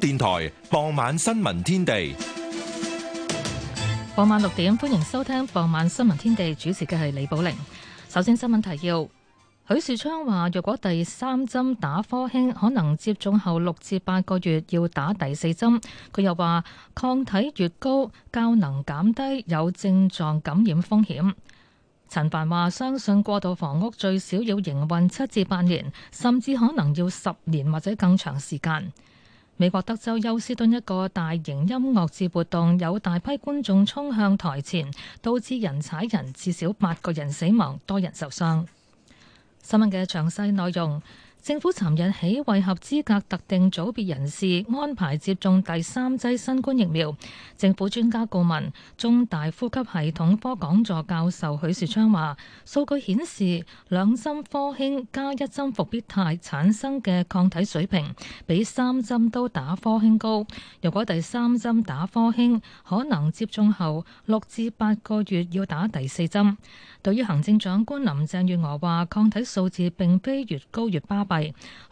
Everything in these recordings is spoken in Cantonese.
電台傍晚新聞天地，傍晚六點，歡迎收聽傍晚新聞天地，主持嘅係李寶玲。首先新聞提要，許樹昌話：若果第三針打科興，可能接種後六至八個月要打第四針。佢又話抗體越高，較能減低有症狀感染風險。陳帆話：相信過渡房屋最少要營運七至八年，甚至可能要十年或者更長時間。美國德州休斯敦一個大型音樂節活動，有大批觀眾衝向台前，導致人踩人，至少八個人死亡，多人受傷。新聞嘅詳細內容。政府尋日起為合資格特定組別人士安排接種第三劑新冠疫苗。政府專家顧問、中大呼吸系統科講座教授許樹昌話，數據顯示兩針科興加一針復必泰產生嘅抗體水平，比三針都打科興高。若果第三針打科興，可能接種後六至八個月要打第四針。對於行政長官林鄭月娥話，抗體數字並非越高越巴閉。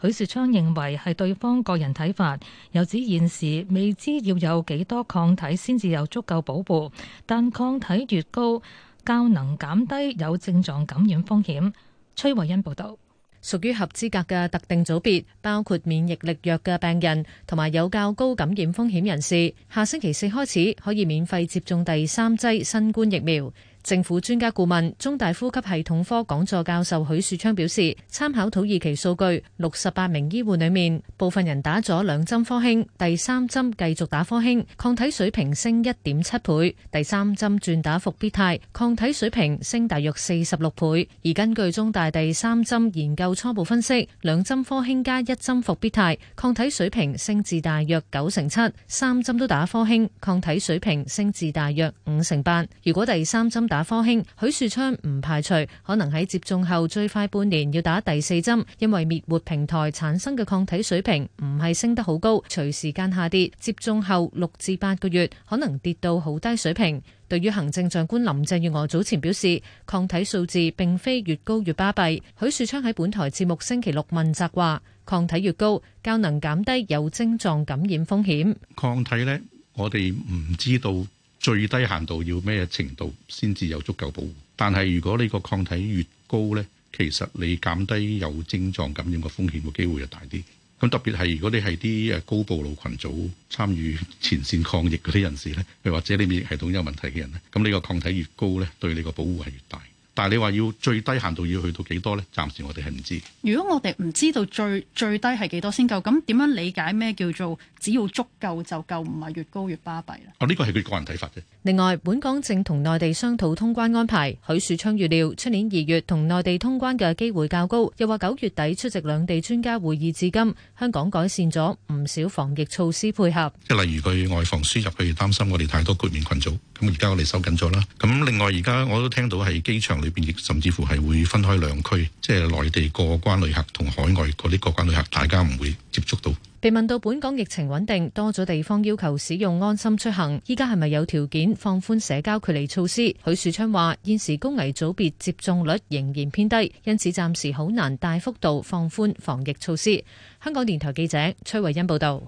許樹昌認為係對方個人睇法，又指現時未知要有幾多抗體先至有足夠保護，但抗體越高，較能減低有症狀感染風險。崔慧欣報道，屬於合資格嘅特定組別，包括免疫力弱嘅病人同埋有較高感染風險人士，下星期四開始可以免費接種第三劑新冠疫苗。政府專家顧問、中大呼吸系統科講座教授許樹昌表示，參考土耳其數據，六十八名醫護裡面，部分人打咗兩針科興，第三針繼續打科興，抗體水平升一點七倍；第三針轉打復必泰，抗體水平升大約四十六倍。而根據中大第三針研究初步分析，兩針科興加一針復必泰，抗體水平升至大約九成七；三針都打科興，抗體水平升至大約五成八。如果第三針打打科興，許樹昌唔排除可能喺接種後最快半年要打第四針，因為滅活平台產生嘅抗體水平唔係升得好高，隨時間下跌，接種後六至八個月可能跌到好低水平。對於行政長官林鄭月娥早前表示，抗體數字並非越高越巴閉。許樹昌喺本台節目星期六問責話，抗體越高，較能減低有症狀感染風險。抗體呢，我哋唔知道。最低限度要咩程度先至有足夠保護，但係如果你個抗體越高咧，其實你減低有症狀感染嘅風險嘅機會就大啲。咁特別係如果你係啲誒高暴露群組參與前線抗疫嗰啲人士咧，譬如或者你免疫系統有問題嘅人咧，咁呢個抗體越高咧，對你個保護係越大。但係你話要最低限度要去到幾多呢？暫時我哋係唔知。如果我哋唔知道最最低係幾多先夠，咁點樣理解咩叫做只要足夠就夠？唔係越高越巴閉啦。哦，呢個係佢個人睇法啫。另外，本港正同內地商討通關安排。許樹昌預料，出年二月同內地通關嘅機會較高。又話九月底出席兩地專家會議至今，香港改善咗唔少防疫措施配合。即例如佢外防輸入，譬如擔心我哋太多高面群組，咁而家我哋收緊咗啦。咁另外而家我都聽到係機場。裏邊甚至乎係會分開兩區，即係內地過關旅客同海外嗰啲過關旅客，大家唔會接觸到。被問到本港疫情穩定，多咗地方要求使用安心出行，依家係咪有條件放寬社交距離措施？許樹昌話：現時工危組別接種率仍然偏低，因此暫時好難大幅度放寬防疫措施。香港電台記者崔慧欣報道。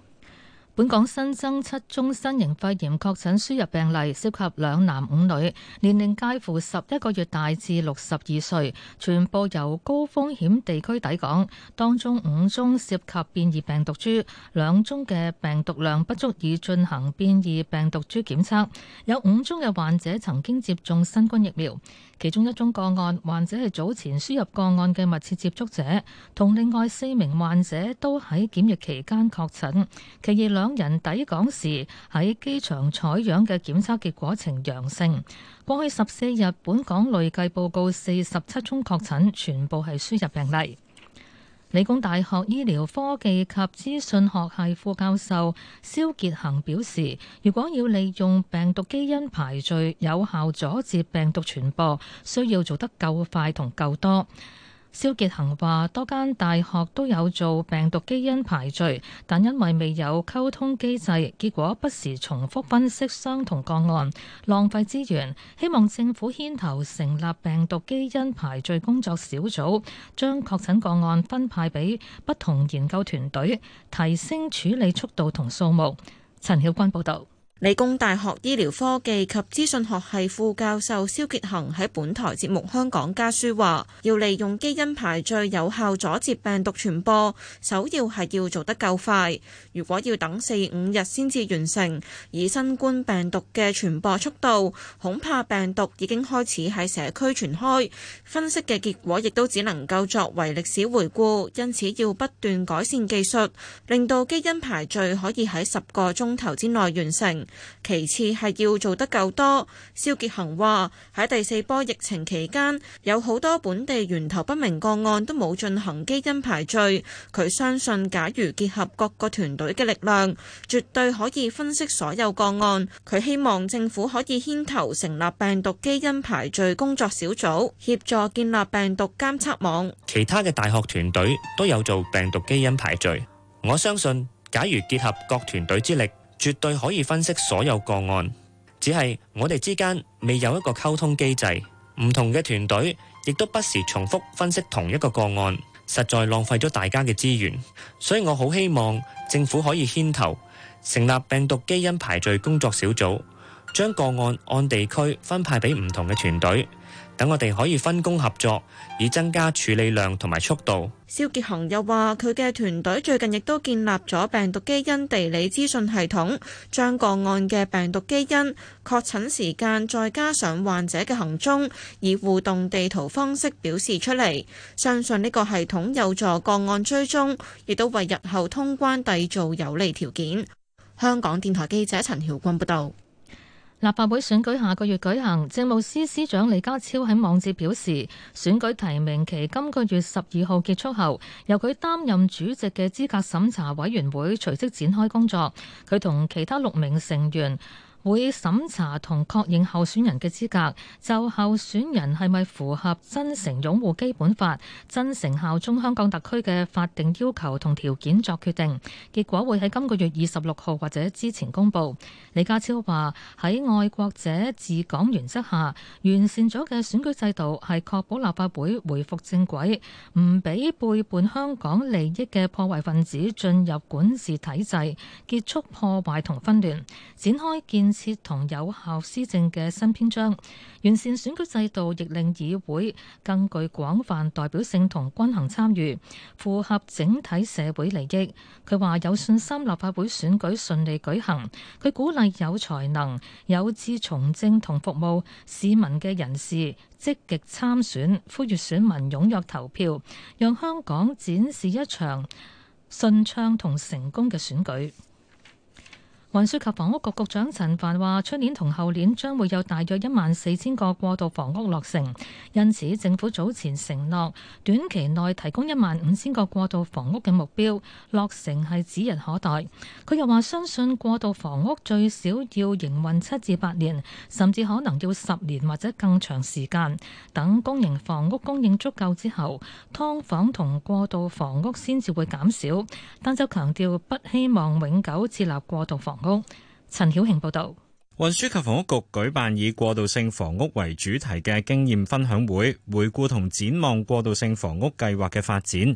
本港新增七宗新型肺炎確診輸入病例，涉及兩男五女，年齡介乎十一個月大至六十二歲，全部由高風險地區抵港。當中五宗涉及變異病毒株，兩宗嘅病毒量不足以進行變異病毒株檢測，有五宗嘅患者曾經接種新冠疫苗。其中一宗個案，患者係早前輸入個案嘅密切接觸者，同另外四名患者都喺檢疫期間確診，其餘兩人抵港時喺機場採樣嘅檢測結果呈陽性。過去十四日，本港累計報告四十七宗確診，全部係輸入病例。理工大學醫療科技及資訊學系副教授蕭傑恒表示，如果要利用病毒基因排序有效阻止病毒傳播，需要做得夠快同夠多。蕭杰恒話：多間大學都有做病毒基因排序，但因為未有溝通機制，結果不時重複分析相同個案，浪費資源。希望政府牽頭成立病毒基因排序工作小組，將確診個案分派俾不同研究團隊，提升處理速度同數目。陳曉君報道。理工大學醫療科技及資訊學系副教授蕭傑恒喺本台節目《香港家書》話，要利用基因排序有效阻截病毒傳播，首要係要做得夠快。如果要等四五日先至完成，以新冠病毒嘅傳播速度，恐怕病毒已經開始喺社區傳開。分析嘅結果亦都只能夠作為歷史回顧，因此要不斷改善技術，令到基因排序可以喺十個鐘頭之內完成。其次係要做得夠多。蕭杰恒話喺第四波疫情期間，有好多本地源頭不明個案都冇進行基因排序。佢相信，假如結合各個團隊嘅力量，絕對可以分析所有個案。佢希望政府可以牽頭成立病毒基因排序工作小組，協助建立病毒監測網。其他嘅大學團隊都有做病毒基因排序。我相信，假如結合各團隊之力。絕對可以分析所有個案，只係我哋之間未有一個溝通機制，唔同嘅團隊亦都不時重複分析同一個個案，實在浪費咗大家嘅資源。所以我好希望政府可以牽頭成立病毒基因排序工作小組，將個案按地區分派畀唔同嘅團隊。等我哋可以分工合作，以增加處理量同埋速度。肖傑雄又話，佢嘅團隊最近亦都建立咗病毒基因地理資訊系統，將個案嘅病毒基因、確診時間，再加上患者嘅行蹤，以互動地圖方式表示出嚟。相信呢個系統有助個案追蹤，亦都為日後通關締造有利條件。香港電台記者陳曉君報道。立法會選舉下個月舉行，政務司司長李家超喺網誌表示，選舉提名期今個月十二號結束後，由佢擔任主席嘅資格審查委員會隨即展開工作。佢同其他六名成員會審查同確認候選人嘅資格，就候選人係咪符合真誠擁護基本法、真誠效忠香港特區嘅法定要求同條件作決定。結果會喺今個月二十六號或者之前公布。李家超話，喺愛國者治港原則下，完善咗嘅選舉制度係確保立法會回復正軌，唔俾背叛香港利益嘅破壞分子進入管治體制，結束破壞同紛亂，展開建。設同有效施政嘅新篇章，完善選舉制度亦令議會更具廣泛代表性同均衡參與，符合整體社會利益。佢話有信心立法會選舉順利舉行。佢鼓勵有才能、有志從政同服務市民嘅人士積極參選，呼籲選民踴躍投票，讓香港展示一場順暢同成功嘅選舉。運輸及房屋局局長陳帆話，出年同後年將會有大約一萬四千個過渡房屋落成，因此政府早前承諾短期內提供一萬五千個過渡房屋嘅目標，落成係指日可待。佢又話相信過渡房屋最少要營運七至八年，甚至可能要十年或者更長時間，等公營房屋供應足夠之後，劏房同過渡房屋先至會減少。但就強調不希望永久設立過渡房屋。陳曉慶報道，運輸及房屋局舉辦以過渡性房屋為主題嘅經驗分享會，回顧同展望過渡性房屋計劃嘅發展。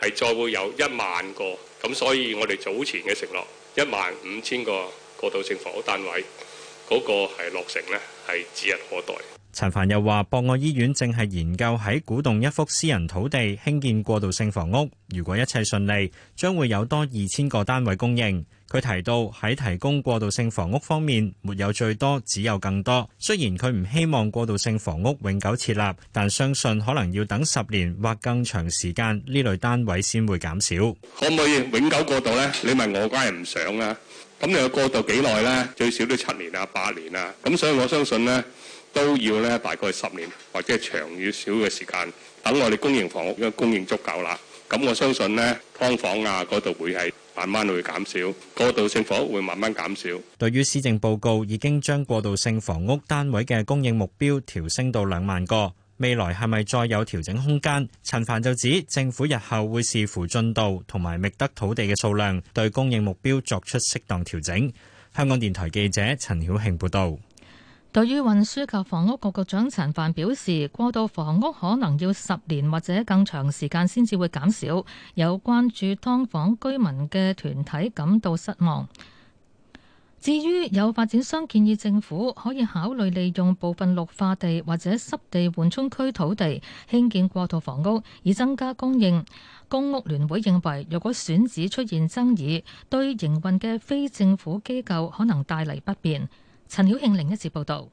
係再會有一萬個。咁所以我哋早前嘅承諾一萬五千個過渡性房屋單位嗰、那個係落成咧，係指日可待。陳帆又話：博愛醫院正係研究喺古洞一幅私人土地興建過渡性房屋。如果一切順利，將會有多二千個單位供應。佢提到喺提供過渡性房屋方面，沒有最多，只有更多。雖然佢唔希望過渡性房屋永久設立，但相信可能要等十年或更長時間呢類單位先會減少。可唔可以永久過渡呢？你問我，梗係唔想呀。咁你要過渡幾耐呢？最少都七年啊，八年啊。咁所以我相信呢。都要咧，大概十年或者長與少嘅時間，等我哋公營房屋嘅供應足夠啦。咁我相信咧，劏房啊嗰度會係慢慢會減少，過渡性房屋會慢慢減少。對於施政報告已經將過渡性房屋單位嘅供應目標調升到兩萬個，未來係咪再有調整空間？陳凡就指政府日後會視乎進度同埋覓得土地嘅數量，對供應目標作出適當調整。香港電台記者陳曉慶報導。由於運輸及房屋局局長陳帆表示，過渡房屋可能要十年或者更長時間先至會減少，有關注劏房居民嘅團體感到失望。至於有發展商建議政府可以考慮利用部分綠化地或者濕地緩衝區土地興建過渡房屋，以增加供應。公屋聯會認為，若果選址出現爭議，對營運嘅非政府機構可能帶嚟不便。陳曉慶另一節報道。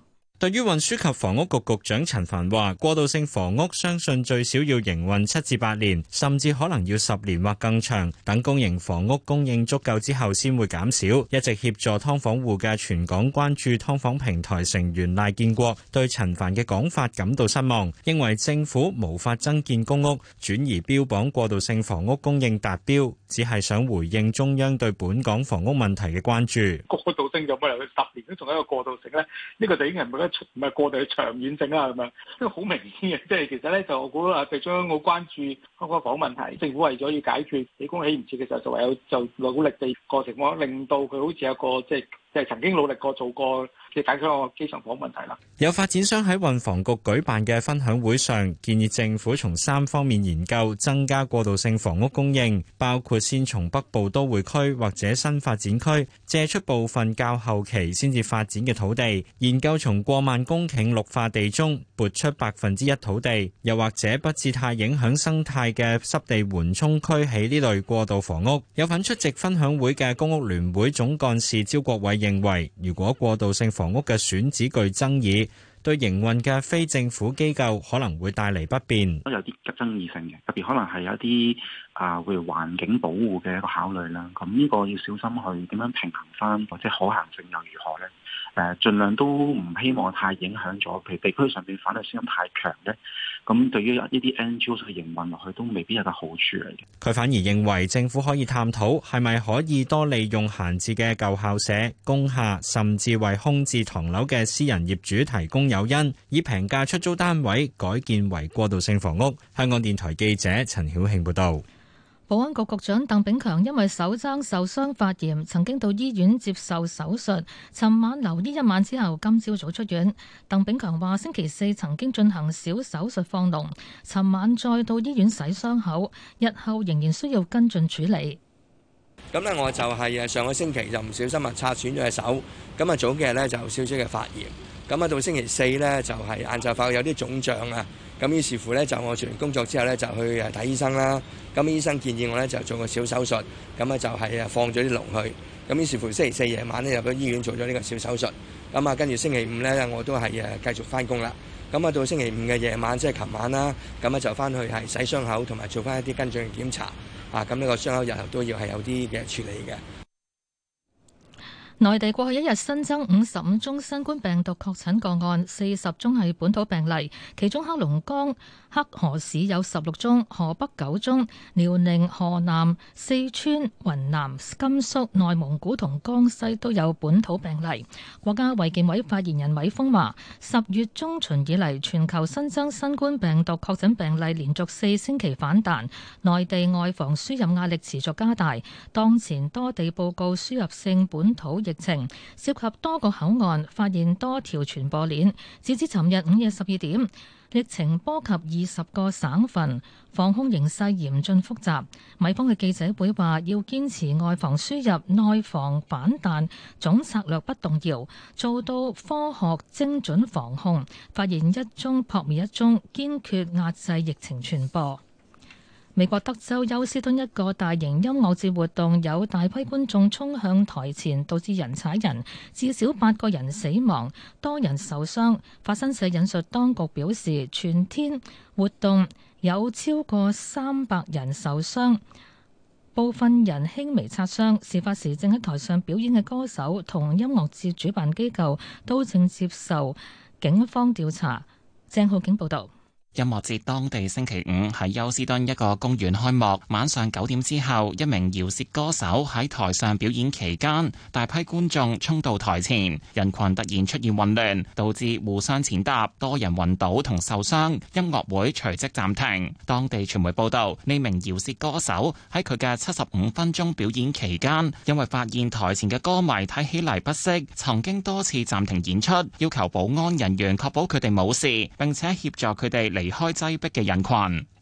對於運輸及房屋局局長陳帆話，過渡性房屋相信最少要營運七至八年，甚至可能要十年或更長，等公營房屋供應足夠之後，先會減少。一直協助劏房戶嘅全港關注劏房平台成員賴建國對陳帆嘅講法感到失望，認為政府無法增建公屋，轉移標榜過渡性房屋供應達標，只係想回應中央對本港房屋問題嘅關注。過渡性有冇嚟到十年都仲係一個過渡性咧？呢個就已經係冇得。唔係過度嘅長遠性啊，係咪都好明顯嘅？即係其實咧，就我估啊，其中我關注香港房問題，政府為咗要解決起公起唔切嘅時候，就唯有就努力地過程，令到佢好似有個即係。就係曾經努力過做過，即係解決個基層房屋問題啦。有發展商喺運房局舉辦嘅分享會上，建議政府從三方面研究增加過渡性房屋供應，包括先從北部都會區或者新發展區借出部分較後期先至發展嘅土地，研究從過萬公頃綠化地中撥出百分之一土地，又或者不至太影響生態嘅濕地緩衝區起呢類過渡房屋。有份出席分享會嘅公屋聯會總幹事招國偉。認為如果過渡性房屋嘅選址具爭議，對營運嘅非政府機構可能會帶嚟不便。都有啲爭議性嘅，特別可能係有一啲啊，會環境保護嘅一個考慮啦。咁呢個要小心去點樣平衡翻，或者可行性又如何呢？誒，盡量都唔希望太影響咗，譬如地區上邊反對聲音太強呢。咁對於一啲 NGO 營運落去都未必有個好處嚟嘅。佢反而認為政府可以探討係咪可以多利用閒置嘅舊校舍、公廈，甚至為空置唐樓嘅私人業主提供誘因，以平價出租單位改建為過渡性房屋。香港電台記者陳曉慶報道。保安局局長鄧炳強因為手踭受傷發炎，曾經到醫院接受手術。尋晚留醫一晚之後，今朝早早出院。鄧炳強話：星期四曾經進行小手術放膿，尋晚再到醫院洗傷口，日後仍然需要跟進處理。咁呢，我就係誒上個星期就唔小心啊擦損咗隻手，咁啊早幾日呢就少少嘅發炎，咁啊到星期四呢就係晏晝發覺有啲腫脹啊。咁於是乎咧，就我做完工作之後咧，就去誒睇醫生啦。咁醫生建議我咧就做個小手術，咁啊就係誒放咗啲龍去。咁於是乎星期四夜晚咧入咗醫院做咗呢個小手術。咁啊跟住星期五咧我都係誒繼續翻工啦。咁啊到星期五嘅夜晚即係琴晚啦，咁啊就翻去係洗傷口同埋做翻一啲跟進檢查。啊，咁呢個傷口日後都要係有啲嘅處理嘅。內地過去一日新增五十五宗新冠病毒確診個案，四十宗係本土病例，其中黑龍江。黑河市有十六宗，河北九宗，遼寧、河南、四川、雲南、甘肅、內蒙古同江西都有本土病例。國家衛健委發言人米峰話：十月中旬以嚟，全球新增新冠病毒確診病例連續四星期反彈，內地外防輸入壓力持續加大。當前多地報告輸入性本土疫情，涉及多個口岸，發現多條傳播鏈，截至尋日午夜十二點。疫情波及二十個省份，防控形勢嚴峻複雜。美方嘅記者會話，要堅持外防輸入、內防反彈，總策略不動搖，做到科學精準防控，發現一宗撲滅一宗，堅決壓制疫情傳播。美國德州休斯敦一個大型音樂節活動，有大批觀眾衝向台前，導致人踩人，至少八個人死亡，多人受傷。法新社引述當局表示，全天活動有超過三百人受傷，部分人輕微擦傷。事發時正喺台上表演嘅歌手同音樂節主辦機構都正接受警方調查。鄭浩景報導。音樂節當地星期五喺休斯敦一個公園開幕，晚上九點之後，一名饒舌歌手喺台上表演期間，大批觀眾衝到台前，人群突然出現混亂，導致互相踐踏，多人暈倒同受傷，音樂會隨即暫停。當地傳媒報道，呢名饒舌歌手喺佢嘅七十五分鐘表演期間，因為發現台前嘅歌迷睇起嚟不適，曾經多次暫停演出，要求保安人員確保佢哋冇事，並且協助佢哋嚟。離開擠逼嘅人群。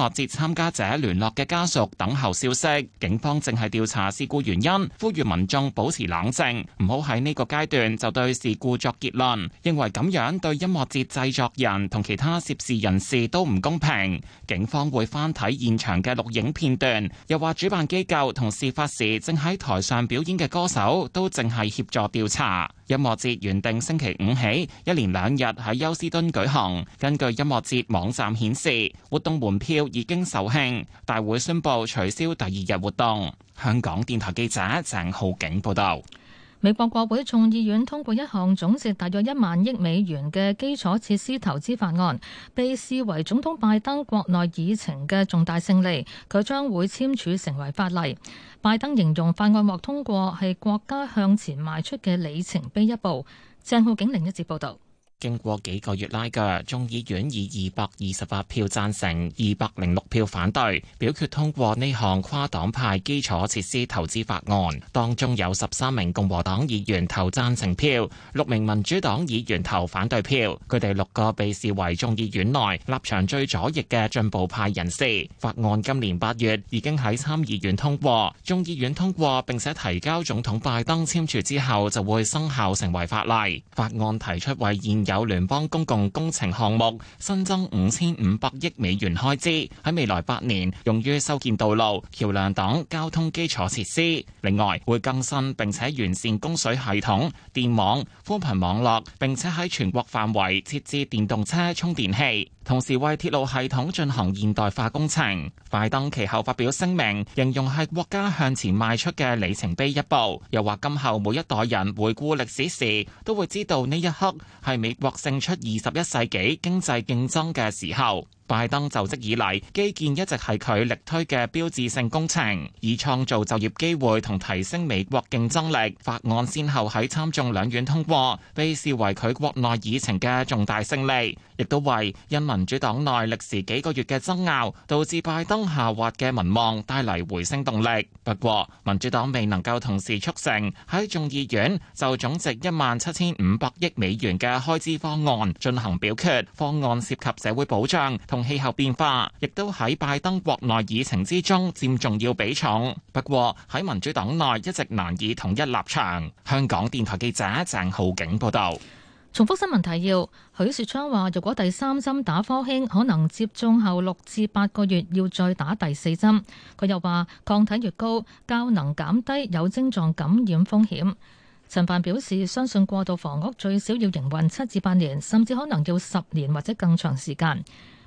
音樂節參加者聯絡嘅家屬等候消息，警方正係調查事故原因，呼籲民眾保持冷靜，唔好喺呢個階段就對事故作結論，認為咁樣對音樂節製作人同其他涉事人士都唔公平。警方會翻睇現場嘅錄影片段，又話主辦機構同事發時正喺台上表演嘅歌手都正係協助調查。音樂節原定星期五起，一連兩日喺休斯敦舉行，根據音樂節網站顯示，活動門票已經售罄。大會宣布取消第二日活動。香港電台記者鄭浩景報道，美國國會眾議院通過一項總值大約一萬億美元嘅基礎設施投資法案，被視為總統拜登國內議程嘅重大勝利。佢將會簽署成為法例。拜登形容法案獲通過係國家向前邁出嘅里程碑一步。鄭浩景另一節報導。經過幾個月拉鋸，眾議院以二百二十八票贊成，二百零六票反對，表決通過呢項跨黨派基礎設施投資法案。當中有十三名共和黨議員投贊成票，六名民主黨議員投反對票。佢哋六個被視為眾議院內立場最左翼嘅進步派人士。法案今年八月已經喺參議院通過，眾議院通過，並且提交總統拜登簽署之後，就會生效成為法例。法案提出為現有聯邦公共工程項目新增五千五百億美元開支，喺未來八年用於修建道路、橋樑等交通基礎設施。另外，會更新並且完善供水系統、電網、寬頻網絡，並且喺全國範圍設置電動車充電器。同時，為鐵路系統進行現代化工程。拜登其後發表聲明，形容係國家向前邁出嘅里程碑一步，又話今後每一代人回顧歷史時，都會知道呢一刻係美，獲勝出二十一世紀經濟競爭嘅時候。拜登就職以嚟，基建一直係佢力推嘅標誌性工程，以創造就業機會同提升美國競爭力。法案先後喺參眾兩院通過，被視為佢國內議程嘅重大勝利，亦都為因民主黨內歷時幾個月嘅爭拗導致拜登下滑嘅民望帶嚟回升動力。不過，民主黨未能夠同時促成喺眾議院就總值一萬七千五百億美元嘅開支方案進行表決，方案涉及社會保障同。氣候變化亦都喺拜登國內議程之中佔重要比重，不過喺民主黨內一直難以統一立場。香港電台記者鄭浩景報道。重複新聞提要：許樹昌話，如果第三針打科興，可能接種後六至八個月要再打第四針。佢又話抗體越高，較能減低有症狀感染風險。陳帆表示，相信過渡房屋最少要營運七至八年，甚至可能要十年或者更長時間。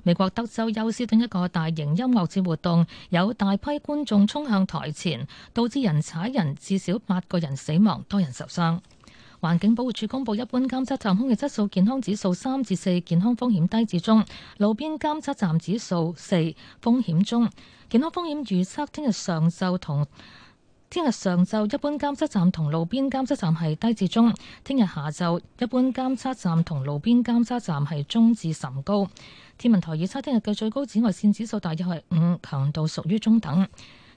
美國德州休斯頓一個大型音樂節活動，有大批觀眾衝向台前，導致人踩人，至少八個人死亡，多人受傷。環境保護署公布，一般監測站空氣質素健康指數三至四，健康風險低至中；路邊監測站指數四，風險中，健康風險預測聽日上晝同。聽日上晝一般監測站同路邊監測站係低至中，聽日下晝一般監測站同路邊監測站係中至甚高。天文台預測聽日嘅最高紫外線指數大約係五，強度屬於中等。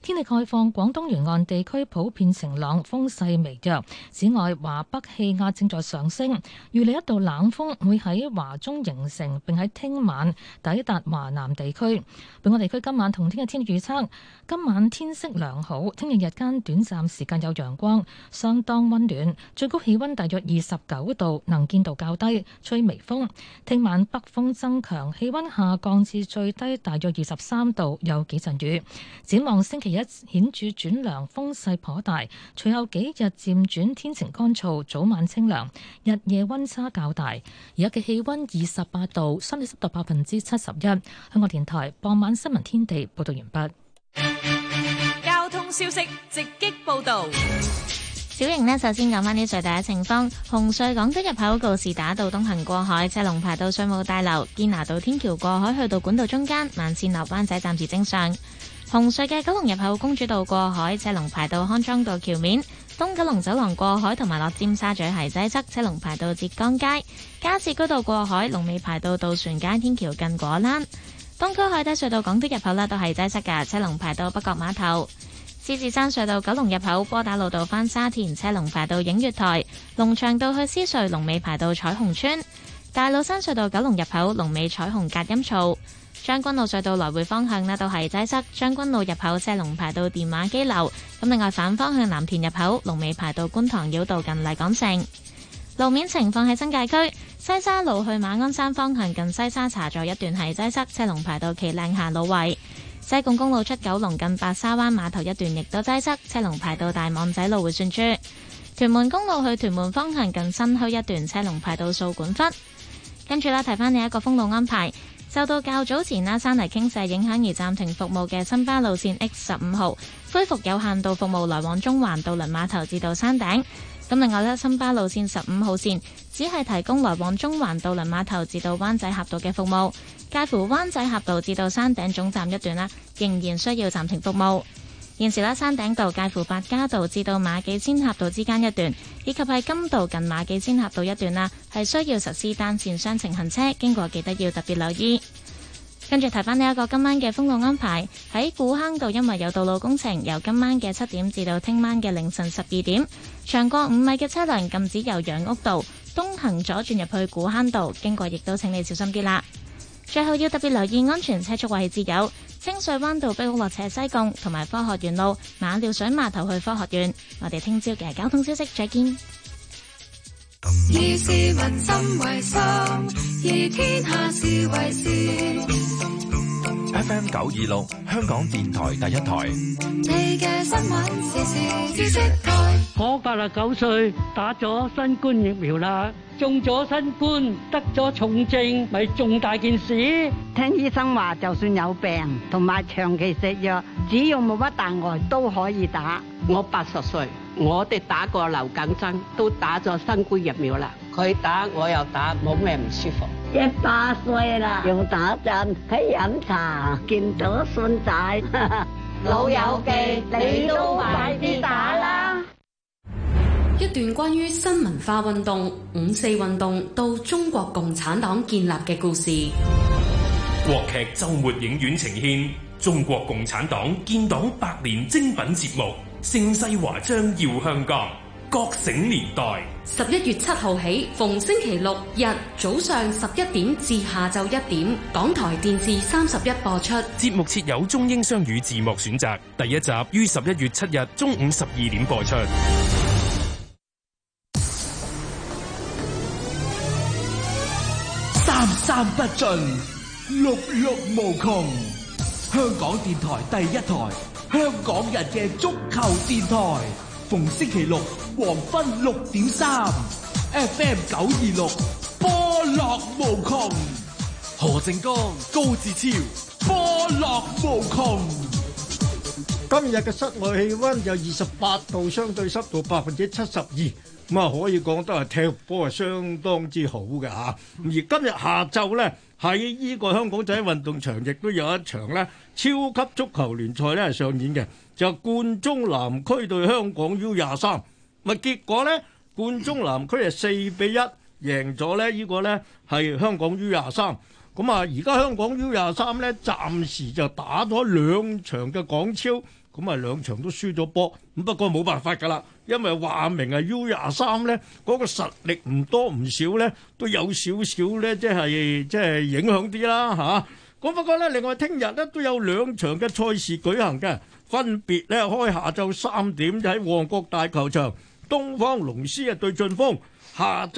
天氣概況，廣東沿岸地區普遍晴朗，風勢微弱。此外，華北氣壓正在上升，預料一道冷鋒會喺華中形成，並喺聽晚抵達華南地區。本港地區今晚同聽日天氣預測：今晚天色良好，聽日日間短暫時間有陽光，相當温暖，最高氣温大約二十九度，能見度較低，吹微風。聽晚北風增強，氣温下降至最低大約二十三度，有幾陣雨。展望星期。.而家顯著轉涼，風勢頗大。隨後幾日漸轉天晴，乾燥，早晚清涼，日夜溫差較大。而家嘅氣溫二十八度，相對濕度百分之七十一。香港電台傍晚新聞天地報道完畢。交通消息直擊報道，小瑩呢，首先講翻啲最大嘅情況：紅隧港島入口告士打道東行過海、車龍排到稅務大樓、堅拿道天橋過海、去到管道中間、慢綫落灣仔暫時正常。紅隧嘅九龍入口公主道過海，車龍排到康莊道橋面；東九龍走廊過海同埋落尖沙咀係擠塞，車龍排到浙江街；加士居道過海龍尾排到渡船街天橋近果欄；東區海底隧道港島入口啦都係擠塞噶，車龍排到北角碼頭；獅子山隧道九龍入口窩打老道返沙田，車龍排到映月台；龍翔道去獅隧龍尾排到彩虹村；大老山隧道九龍入口龍尾彩虹隔音槽。將軍澳隧道來回方向呢都係擠塞，將軍澳入口車龍排到電話機樓。咁另外反方向藍田入口龍尾排到觀塘繞道近麗港城。路面情況喺新界區西沙路去馬鞍山方向近西沙茶座一段係擠塞，車龍排到企嶺下老圍。西貢公路出九龍近白沙灣碼頭一段亦都擠塞，車龍排到大網仔路迴旋處。屯門公路去屯門方向近新墟一段車龍排到掃管笏。跟住啦，提翻你一個封路安排。受到較早前啦，山泥傾瀉影響而暫停服務嘅新巴路線 X 十五號，恢復有限度服務，來往中環渡輪碼頭至到山頂。咁另外咧，新巴路線十五號線只係提供來往中環渡輪碼頭至到灣仔峽道嘅服務，介乎灣仔峽道至到山頂總站一段啦，仍然需要暫停服務。現時呢山頂道介乎白加道至到馬己仙峽道之間一段，以及喺甘道近馬己仙峽道一段啦，係需要實施單線雙程行車，經過記得要特別留意。跟住睇翻呢一個今晚嘅封路安排，喺古坑道因為有道路工程，由今晚嘅七點至到聽晚嘅凌晨十二點，長過五米嘅車輛禁止由楊屋道東行左轉入去古坑道，經過亦都請你小心啲啦。最後要特別留意安全車速位置有清水灣道、碧屋落斜西貢同埋科學園路馬料水碼頭去科學園。我哋聽朝嘅交通消息再見。以 FM 九二六，香港電台第一台。我八十九歲，打咗新冠疫苗啦，中咗新冠，得咗重症，咪重大件事。聽醫生話，就算有病同埋長期食藥，只要冇乜大礙都可以打。我八十歲，我哋打過流感針，都打咗新冠疫苗啦。佢打，我又打，冇咩唔舒服。一百歲啦，又打針，喺飲茶，見到孫仔，老友記，你都快啲打啦！一段關於新文化運動、五四運動到中國共產黨建立嘅故事。國劇周末影院呈現中國共產黨建黨百年精品節目《盛世華章耀香港》。覺醒年代，十一月七號起，逢星期六日早上十一點至下晝一點，港台電視三十一播出。節目設有中英雙語字幕選擇。第一集於十一月七日中午十二點播出。三三不盡，六六無窮。香港電台第一台，香港人嘅足球電台。逢星期六黃昏六點三，FM 九二六波樂無窮，何靜江高志超波樂無窮。今日嘅室外氣温有二十八度，相對濕度百分之七十二，咁啊可以講得係踢波係相當之好嘅吓。 而今日下晝咧。喺呢個香港仔運動場亦都有一場咧超級足球聯賽咧上演嘅，就係冠忠南區對香港 U 廿三，咪結果呢，冠忠南區係四比一贏咗呢依個呢係香港 U 廿三，咁啊而家香港 U 廿三呢，暫時就打咗兩場嘅港超，咁啊兩場都輸咗波，咁不過冇辦法㗎啦。因為話明啊 U 廿三咧，嗰個實力唔多唔少咧，都有少少咧，即係即係影響啲啦吓咁、啊、不過咧，另外聽日咧都有兩場嘅賽事舉行嘅，分別咧開下晝三點就喺旺角大球場，東方龍獅啊對晉峰下。